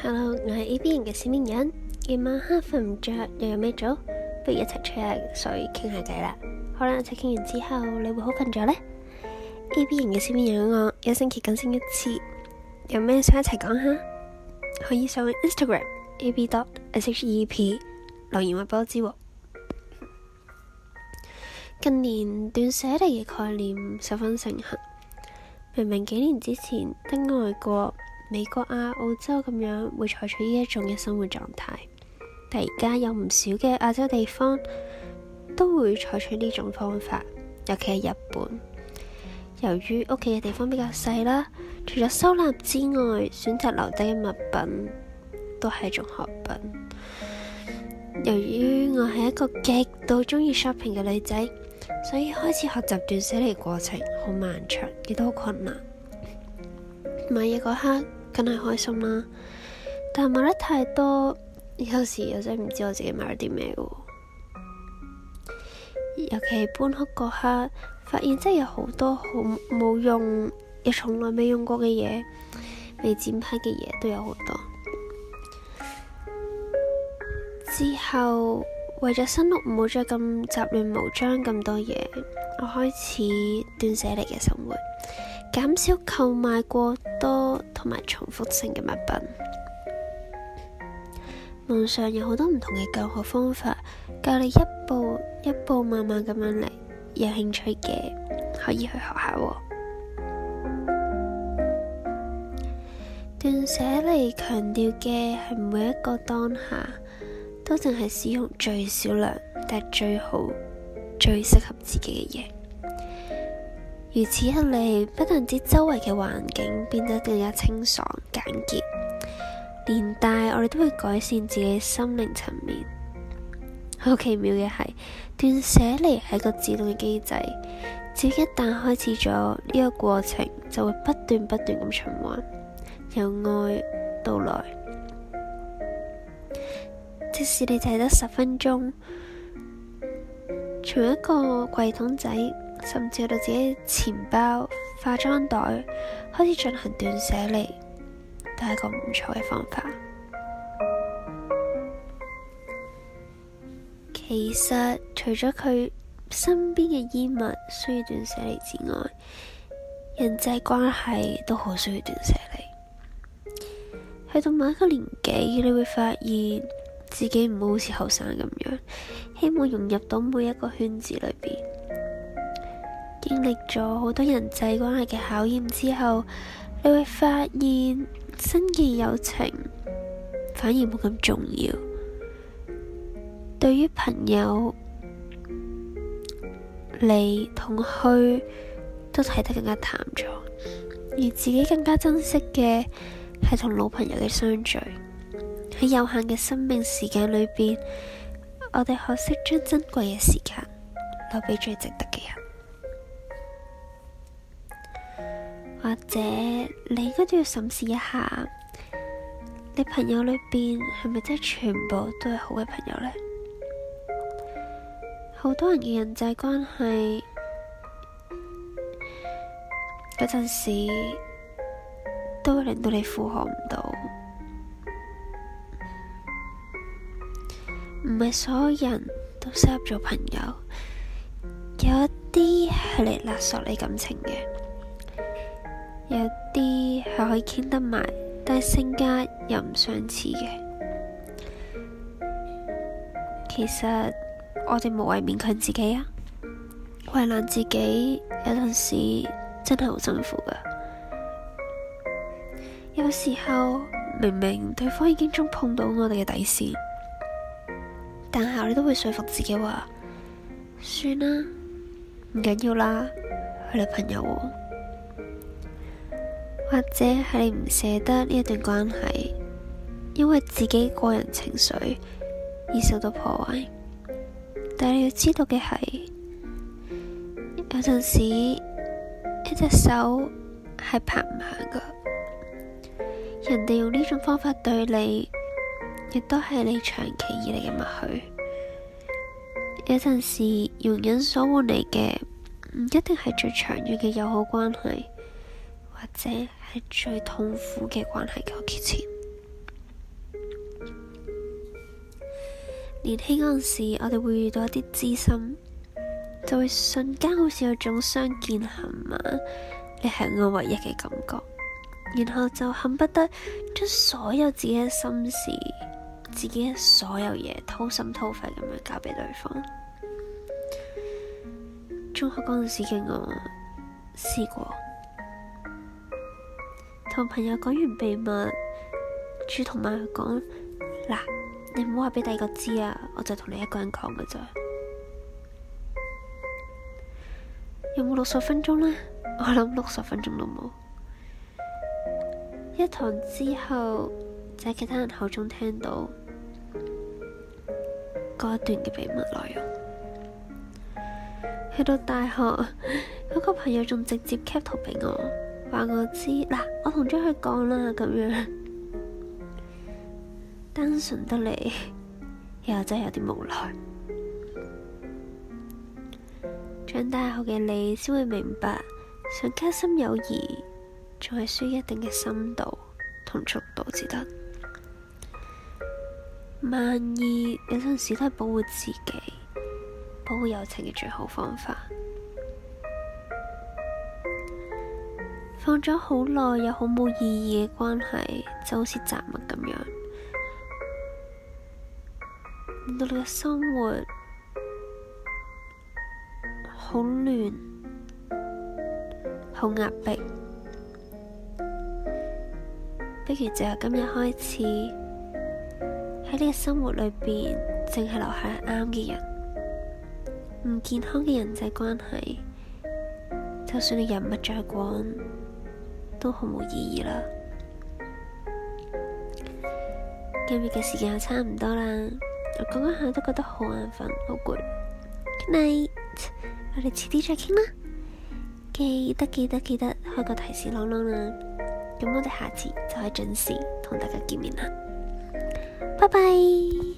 Hello，我係 A B 型嘅小面人，夜晚黑瞓唔着又有咩做？不如一齊吹下水傾下偈啦。好啦，一齊傾完之後你會好瞓咗呢。A B 型嘅小面人，市民人我，我一星期更新一次，有咩想一齊講下？可以上去 Instagram A B dot SHEEP 留言話俾我知。近年斷捨離嘅概念十分盛行，明明幾年之前都外國。美國啊、澳洲咁樣會採取呢一種嘅生活狀態，但而家有唔少嘅亞洲地方都會採取呢種方法，尤其係日本。由於屋企嘅地方比較細啦，除咗收納之外，選擇留低嘅物品都係一種學品。由於我係一個極度中意 shopping 嘅女仔，所以開始學習斷捨離過程，好漫長，亦都好困難。買嘢嗰刻。真係開心啦，但買得太多，有時又真係唔知我自己買咗啲咩嘅。尤其係搬屋嗰刻，發現真係有好多好冇用，又從來未用過嘅嘢，未剪開嘅嘢都有好多。之後為咗新屋唔好再咁雜亂無章咁多嘢，我開始斷捨離嘅生活。減少購買過多同埋重複性嘅物品。網上有好多唔同嘅教學方法，教你一步一步慢慢咁樣嚟。有興趣嘅可以去學下喎。 斷捨離強調嘅係每一個當下，都淨係使用最少量，但最好、最適合自己嘅嘢。如此一嚟，不但止周圍嘅環境變得更加清爽簡潔，連帶我哋都會改善自己心靈層面。好奇妙嘅係，斷捨離係一個自動嘅機制，只要一旦開始咗呢、這個過程，就會不斷不斷咁循環。由外到內，即使你睇得十分鐘，從一個櫃桶仔。甚至去到自己錢包、化妝袋，開始進行斷捨離，都係一個唔錯嘅方法。其實除咗佢身邊嘅衣物需要斷捨離之外，人際關係都好需要斷捨離。去到某一個年紀，你會發現自己唔會好似後生咁樣，希望融入到每一個圈子裏邊。經歷咗好多人際關係嘅考驗之後，你會發現新嘅友情反而冇咁重要。對於朋友嚟同去都睇得更加淡咗，而自己更加珍惜嘅係同老朋友嘅相聚。喺有限嘅生命時間裏邊，我哋學識將珍貴嘅時間留俾最值得嘅人。或者你應該都要審視一下，你朋友裏邊係咪真係全部都係好嘅朋友呢？好多人嘅人際關係嗰陣時，都會令到你負荷唔到。唔係所有人都適合做朋友，有一啲係嚟勒索你感情嘅。有啲係可以傾得埋，但係性格又唔相似嘅。其實我哋無謂勉強自己啊，為難自己。有陣時真係好辛苦㗎。有時候明明對方已經觸碰到我哋嘅底線，但係我哋都會說服自己話：算啦，唔緊要啦，係女朋友喎。或者係你唔捨得呢一段關係，因為自己個人情緒而受到破壞。但你要知道嘅係，有陣時一隻手係拍唔下噶。人哋用呢種方法對你，亦都係你長期以嚟嘅默許。有陣時容忍所換嚟嘅，唔一定係最長遠嘅友好關係。或者係最痛苦嘅關係嘅結束。 年輕嗰陣時，我哋會遇到一啲知心，就會瞬間好似有種相見恨晚、你係我唯一嘅感覺，然後就恨不得將所有自己嘅心事、自己嘅所有嘢，掏心掏肺咁樣交俾對方。中學嗰陣時嘅我，試過。同朋友講完秘密，仲同埋佢講，嗱，你唔好話俾第二個知啊，我就同你一個人講嘅咋。有冇六十分鐘呢？我諗六十分鐘都冇。一堂之後，就喺其他人口中聽到嗰一段嘅秘密內容。去到大學，嗰個朋友仲直接 cap 圖俾我。話我知嗱，啊，我同咗佢講啦，咁樣 單純得你，又真係有啲無奈。長大後嘅你先會明白，想加深友誼，仲係需要一定嘅深度同速度至得。萬二有陣時都係保護自己，保護友情嘅最好方法。放咗好耐又好冇意義嘅關係，就好似雜物咁樣，令到你嘅生活好亂、好壓迫。不如就由今日開始，喺你嘅生活裏邊，淨係留下啱嘅人。唔健康嘅人際關係，就算你人脈再廣。都毫無意義啦，今日嘅時間又差唔多啦，我講講下都覺得好眼瞓，好攰。Good night，我哋遲啲再傾啦，記得記得記得開個提示朗朗啦，咁我哋下次就係準時同大家見面啦，拜拜。